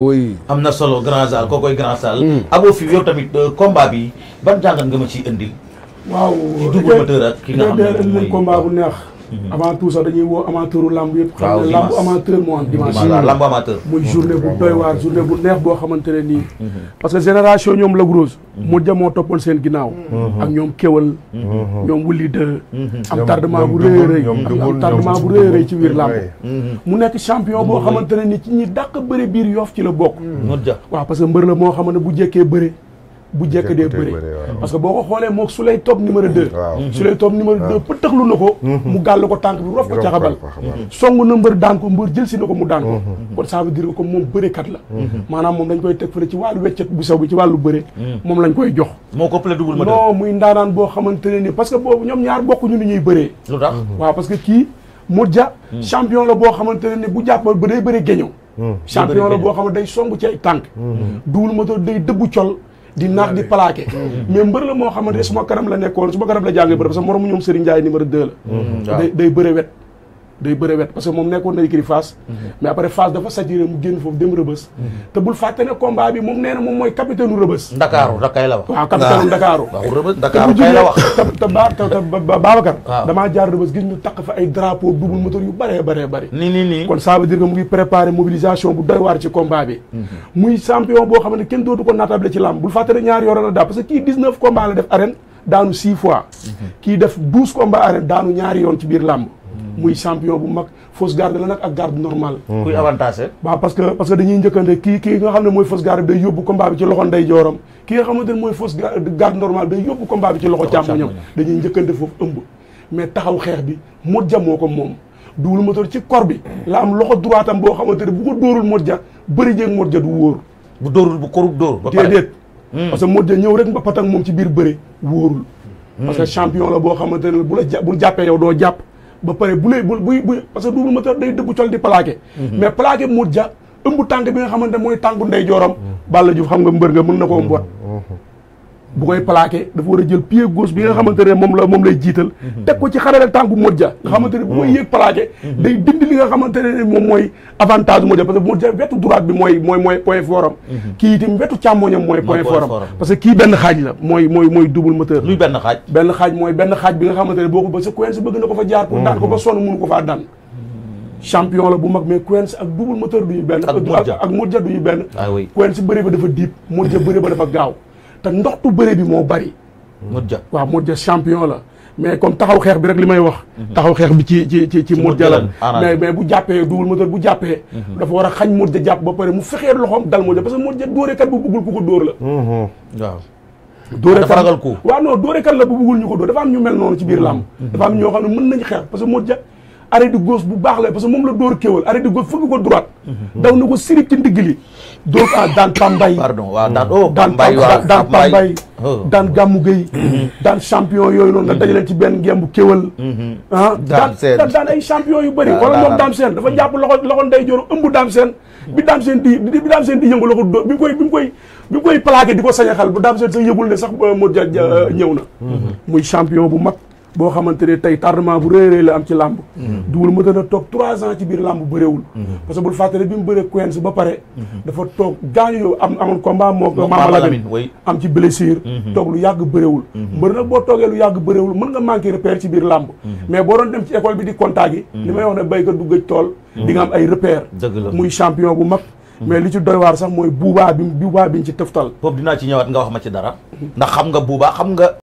oui am na solo grand salle mm. koo koy grand salle. Mm. Abo Fiw yow tamit euh, combat bi ban jàngat nga ma ciy indil. waaw ci double moteur ak ki nga xam ne moom mooy bu neex. Mhm. avant tout sax dañuy woo amateuru lamb yëpp xam ne lamb amateur moo am dimanche lamb amateur muy journée bu doy neex boo xamante ne nii mhm. parce que génération ñoom la grosse mu mhm. jamoo toppoon seen ginnaaw ak ñoom kéwal ñoom wulli de am tardement bu rëy rëy am tardement bu rëy rëy ci biir lamb mu nekk champion boo xamante ne nii ci ñi dàq bëre biir yoof ci la bokk waaw parce que mbër la moo xam ne bu jekkee bëre bu jekk dee bëri parce que boo ko xoolee moog su lay topp numéro 2. su lay topp numéro 2 ah. pëtaxlu na ko. Mm-hmm. mu gàll ko tànk bi rof ko caxabal. song na mbër daan ko mbër jël si na ko mu daan ko. Mm-hmm. kon ça veut dire que la. Mm-hmm. maanaam moom dañ koy teg fële ci wàllu weccet bu sew bi ci wàllu moom lañ koy jox. moo ko double ma non boo xamante ne ni parce que boobu ñoom ñaar bokkuñu ni ñuy bëree. lu tax waaw parce que kii Modja. champion la boo xamante ne ni bu jàppal ba day bëri géñëw. champion la boo xam ne day song ci ay tànk. ma moto day dëbbu col di naax di plaqué mm. mais mbër la moo xamante suma kanam la nekkoon ma kanam la jàngee bëre parce que moromu ñoom Serigne Ndiaye numéro 2 la mm. Mm. day day bëre wet day bëre wet parce que moom nekkoon na écurie Fass mhm. mais après Fass dafa saturé mu génn foofu dem Rëbës mhm. te bul fàtte ne combat bi moom nee na moom mooy capitaine u Rëbës Ndakaaru da kay la wax waaw capitaine ah. Ndakaaru Ndakaaru kay jaar Rëbës taq fa ay drapeau double moteur yu bëree bëree bëri nii nii nii kon ça veut dire que mu ngi préparé mobilisation ci combat mhm. boo xam ne kenn dootu ko naatable ci lamb bul fàtte ne ñaari yoroon a daa parce que kii 19 def arène daanu six fois kii ñaari yoon ci biir lamb muy champion bu mag fausse garde la nak ak garde normal kuy mhm. avantage. ba eh? parce que parce que dañuy ñëkënde ki ki nga xamne moy fausse garde day yobbu combat bi ci loxo ndey jooram ki nga xamne moy fausse garde normal day yobbu combat bi ci loxo ñom dañuy ñëkënde fofu ëmb mais taxaw xex bi mo ja moo ko moom duwul ci kor bi la am loxo droite am bo xamante bu ko dorul modja ja bëri modja du wóor bu dorul bu korup dor ba pare hmm. parce que modja ñew rek ba patak mom ci bir bëre worul hmm. parce que champion la bo xamante bu la bu jappé yow do japp ba pare bu lay bu bu parce que double moteur day dëggu col di plaqué. Mhm. mais plaqué mu Dia ëmb tànk bi nga xamante mooy tànku ndey jooram. Mhm. Balla Diouf xam nga mbër nga mën na koo mhm. mboot. bu koy plaqué dafa war a jël pied gauche bi nga xamante ne moom la moom lay jiital teg ko ci xarale tànku Modja nga xamante ne bu koy yéeg plaqué day dindi li nga xamante ne moom mooy avantage Modja parce que Modja mooy mooy mooy point kii itam wetu càmmoñam mooy point parce que kii benn xaaj la mooy mooy mooy double benn xaaj benn xaaj mooy benn xaaj bi nga xamante ne boo ko ba sa coin si bëgg na ko fa jaar pour daan ko ba sonn mënu ko faa daan champion la bu mag mais Quench ak double moteur du benn ak Modja du ñu benn ah Quench bëri ba dafa diib Modja bëri ba dafa gaaw te ndoxtu bëre bi moo bari. Modja waaw Modja champion la. mais comme taxaw xeex bi rek li may wax. Mhm. taxaw xeex bi ci ci ci ci Modja la. mais mais bu jàppee Double Moteur bu jàppee. Mhm. dafa war a xañ Modja jàpp ba pare mu fexeer loxoom dal Modja parce que Modja dóorekat bu bëggul ku ko dóor la. Mhm. waaw. dóore dafa ko waaw non dóorekat la bu bëggul ñu ko dóor dafa am ñu mel noonu ci biir làmb. dafa am ñoo xam ne mën nañu xeex parce que Modja. arrêt de gauche bu baax la parce que mom la door kewal arrêt de gauche fugu ko droite. daw na sirip ci ndig li. do ko dan tambay pardon wa dan oh tambay wa dan tambay oh. dan gamu gay, mhm. dan champion yoy non nga mhm. dajaleen ci gembu kewal kéwal. Mhm. ah sen dan ay champion yu bari wala mom dam sen dafa japp loxo loxo ndey joor eumbu dam sen bi dam sen di bi dam sen di yëngu loxo do bi koy bi koy. bi koy plaquer di ko xal bu dam sen sa yëgul ne sax euh, mo Dia euh, na. muy champion bu mak bo xamantene tay tardement bu reere la am ci lamb mm-hmm. duwul mu dana tok 3 ans ci biir làmb bëréewul mm-hmm. parce que bu fatale bimu beure bëree Queens ba pare mm-hmm. dafa tok gañu yow am amul combat mo ko Mama Lamine am ci blessure tok lu yag bëréewul mbër nag bo toge lu yàgg bëréewul meun nga manquer repère ci bir lamb mais bo don dem ci école bi di contagi limay wax ne béykat du gëj tol di nga am ay repère muy champion bu mak mais li ci doy war sax moy buubaa bi buubaa biñ ci teftal pop dina ci ñewat nga wax ma ci dara ndax xam nga buubaa xam nga